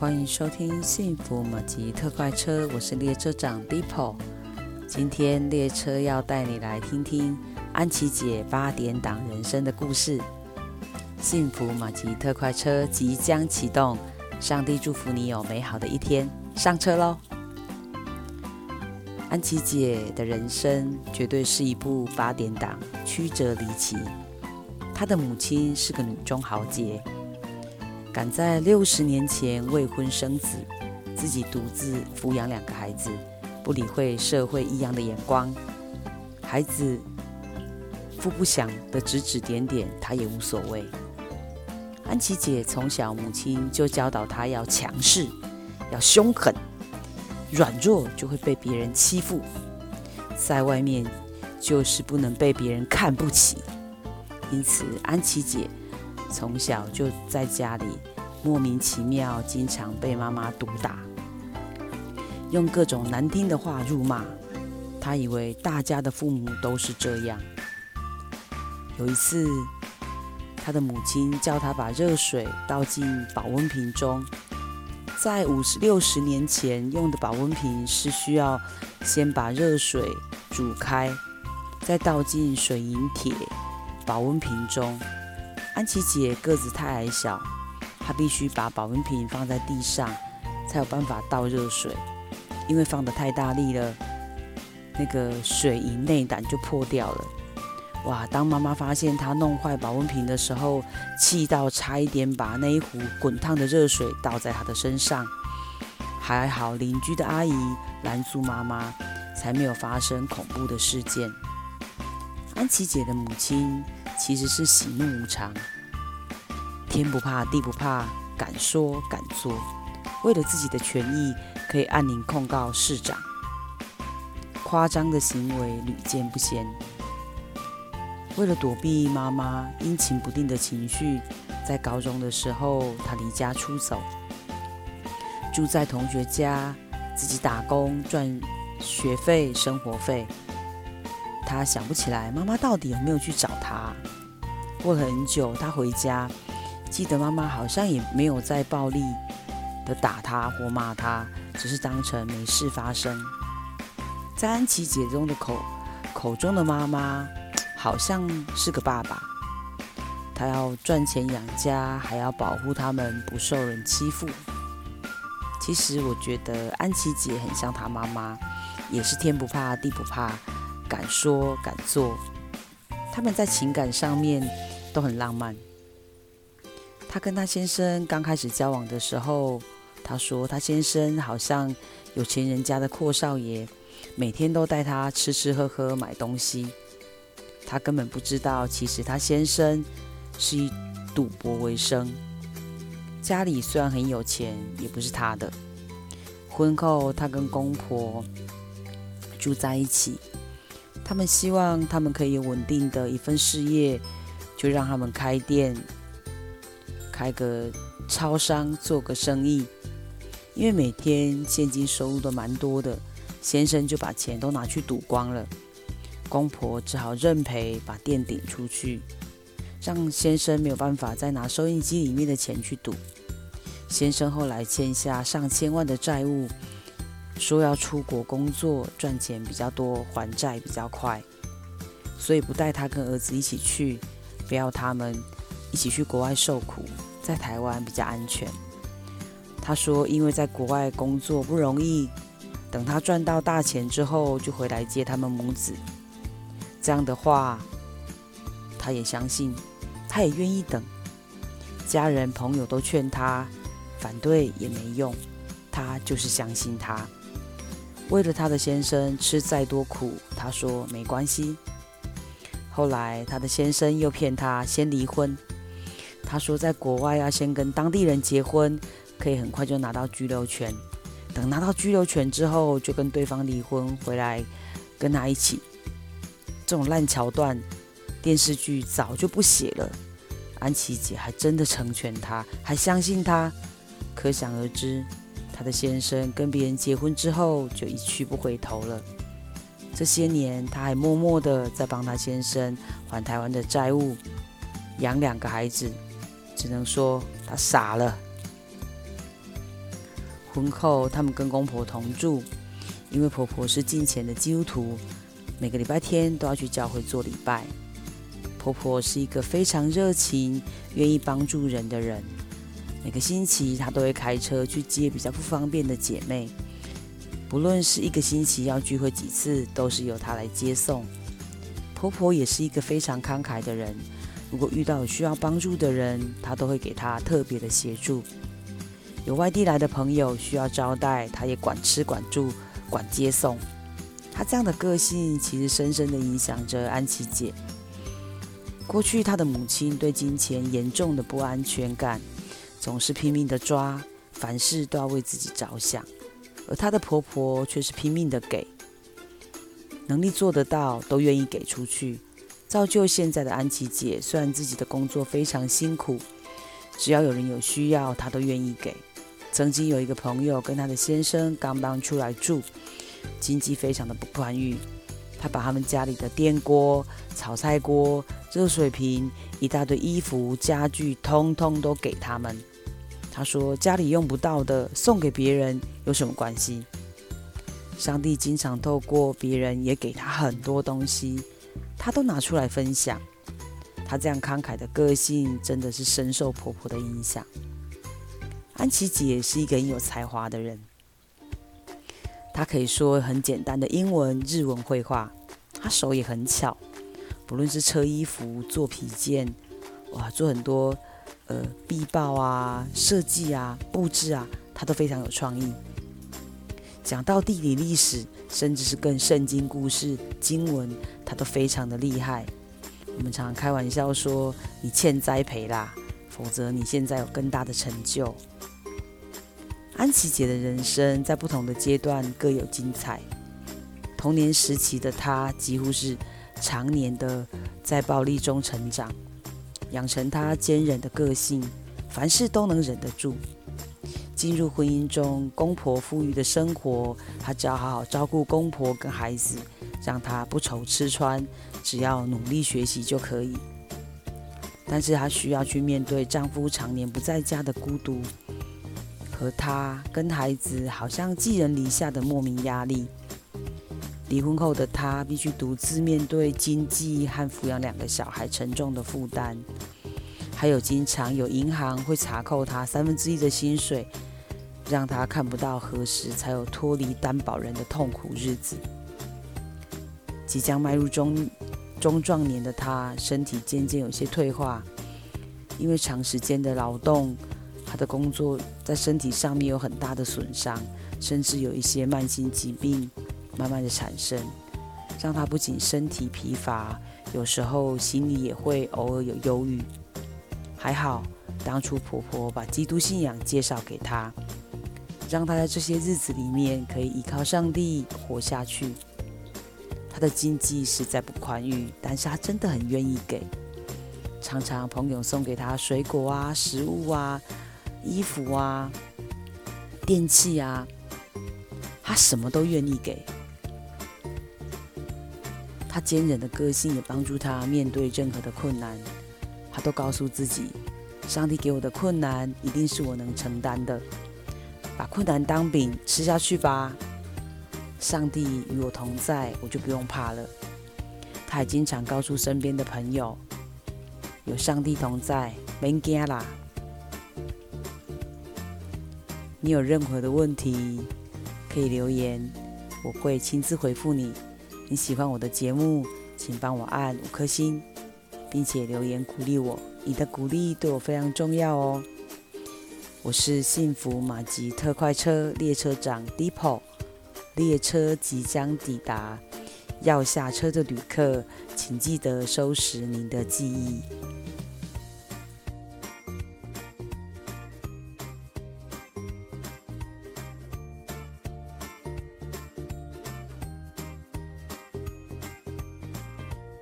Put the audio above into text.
歡迎收聽幸福馬吉特快車，我是列車長 Dipo。今天列車要帶你來聽聽安琪姐八點檔人生的故事。幸福馬吉特快車即將啟動，上帝祝福你有美好的一天，上車嘍！安琪姐的人生絕對是一部八點檔，曲折離奇。她的母親是個女中豪傑。敢在六十年前未婚生子，自己獨自撫養兩個孩子，不理會社會異樣的眼光，孩子父不詳的指指點點，他也無所謂。安琪姐從小母親就教導她要強勢，要凶狠，軟弱就會被別人欺負，在外面就是不能被別人看不起，因此安琪姐從小就在家裡莫名其妙，經常被媽媽毒打，用各種難聽的話辱罵。他以為大家的父母都是這樣。有一次，他的母親叫他把熱水倒進保溫瓶中在，在五十六十年前用的保溫瓶是需要先把熱水煮開，再倒進水銀鐵保溫瓶中。安琪姐個子太矮小，她必須把保溫瓶放在地上，才有辦法倒熱水。因為放得太大力了，那個水銀內膽就破掉了。哇！當媽媽發現她弄壞保溫瓶的時候，氣到差一點把那一壺滾燙的熱水倒在她的身上。還好鄰居的阿姨攔住媽媽，才沒有發生恐怖的事件。安琪姐的母親。其實是喜怒無常，天不怕地不怕，敢說敢做，為了自己的權益可以按鈴控告市長，誇張的行為屢見不鮮。為了躲避媽媽陰晴不定的情緒，在高中的時候他離家出走，住在同學家，自己打工賺學費、生活費。他想不起來媽媽到底有沒有去找他。過了很久，他回家，記得媽媽好像也沒有再暴力的打他或罵他，只是當成沒事發生。在安琪姐中的口口中的媽媽，好像是個爸爸，他要賺錢養家，還要保護他們不受人欺負。其實我覺得安琪姐很像她媽媽，也是天不怕地不怕。敢說敢做，他們在情感上面都很浪漫。她跟她先生剛開始交往的時候，她說她先生好像有錢人家的闊少爺，每天都帶她吃吃喝喝買東西。她根本不知道，其實她先生是以賭博為生，家裡雖然很有錢，也不是她的。婚後，她跟公婆住在一起。他們希望他們可以有穩定的一份事業，就讓他們開店，開個超商，做個生意，因為每天現金收入都蠻多的。先生就把錢都拿去賭光了，公婆只好認賠，把店頂出去，讓先生沒有辦法再拿收銀機裡面的錢去賭。先生後來欠下上千萬的債務。說要出國工作賺錢比較多，還債比較快，所以不帶他跟兒子一起去，不要他們一起去國外受苦，在台灣比較安全。他說，因為在國外工作不容易，等他賺到大錢之後就回來接他們母子。這樣的話，他也相信，他也願意等。家人朋友都勸他，反對也沒用，他就是相信他。為了她的先生吃再多苦，她說沒關係。後來她的先生又騙她先離婚，她說在國外要先跟當地人結婚，可以很快就拿到居留權。等拿到居留權之後，就跟對方離婚，回來跟他一起。這種爛橋段，電視劇早就不寫了。安琪姐還真的成全他，還相信他，可想而知。她的先生跟別人結婚之後，就一去不回頭了。這些年，她還默默地在幫她先生還台灣的債務，養兩個孩子。只能說，他傻了。婚後，他們跟公婆同住，因為婆婆是虔誠的基督徒，每個禮拜天都要去教會做禮拜。婆婆是一個非常熱情、願意幫助人的人。每個星期，她都會開車去接比較不方便的姐妹。不論是一個星期要聚會幾次，都是由她來接送。婆婆也是一個非常慷慨的人，如果遇到有需要幫助的人，她都會給她特別的協助。有外地來的朋友需要招待，她也管吃管住管接送。她這樣的個性，其實深深地影響着安琪姐。過去，她的母親對金錢嚴重的不安全感。總是拼命的抓，凡事都要為自己着想，而她的婆婆卻是拼命的給，能力做得到都願意給出去，造就現在的安琪姐。雖然自己的工作非常辛苦，只要有人有需要，她都願意給。曾經有一個朋友跟她的先生剛搬出來住，經濟非常的不寬裕，她把他們家裡的電鍋、炒菜鍋、熱水瓶、一大堆衣服、家具，通通都給他們。他說：“家裡用不到的送給別人有什麼關係？”上帝經常透過別人也給他很多東西，他都拿出來分享。他這樣慷慨的個性，真的是深受婆婆的影響。安琪姐也是一個很有才華的人，她可以說很簡單的英文、日文會話，她手也很巧，不論是車衣服、做皮件，哇，做很多。呃，壁報啊、設計啊、布置啊，他都非常有創意。講到地理歷史，甚至是更聖經故事、經文，他都非常的厲害。我們常常開玩笑說，你欠栽培啦，否則你現在有更大的成就。安琪姐的人生在不同的階段各有精彩。童年時期的她，幾乎是常年的在暴力中成長。養成他堅忍的個性，凡事都能忍得住。進入婚姻中，公婆富裕的生活，他只要好好照顧公婆跟孩子，讓他不愁吃穿，只要努力學習就可以。但是，他需要去面對丈夫常年不在家的孤獨，和他跟孩子好像寄人籬下的莫名壓力。離婚後的他必須獨自面對經濟和撫養兩個小孩沉重的負擔，還有經常有銀行會查扣他三分之一的薪水，讓他看不到何時才有脫離擔保人的痛苦日子。即將邁入中、中壯年的他，身體漸漸有些退化，因為長時間的勞動，他的工作在身體上面有很大的損傷，甚至有一些慢性疾病。慢慢的產生，讓她不僅身體疲乏，有時候心裡也會偶爾有憂鬱。還好，當初婆婆把基督信仰介紹給她，讓她在這些日子裡面可以依靠上帝活下去。她的經濟實在不寬裕，但是她真的很願意給。常常朋友送給她水果啊、食物啊、衣服啊、電器啊，她什麼都願意給。他堅忍的個性也幫助他面對任何的困難。他都告訴自己，上帝給我的困難一定是我能承擔的，把困難當餅吃下去吧。上帝與我同在，我就不用怕了。他還經常告訴身邊的朋友，有上帝同在，免驚啦。你有任何的問題，可以留言，我會親自回覆你。你喜歡我的節目，請幫我按五顆星，並且留言鼓勵我。你的鼓勵對我非常重要哦。我是幸福馬吉特快車列車長 Depo，列車即將抵達，要下車的旅客，請記得收拾您的記憶。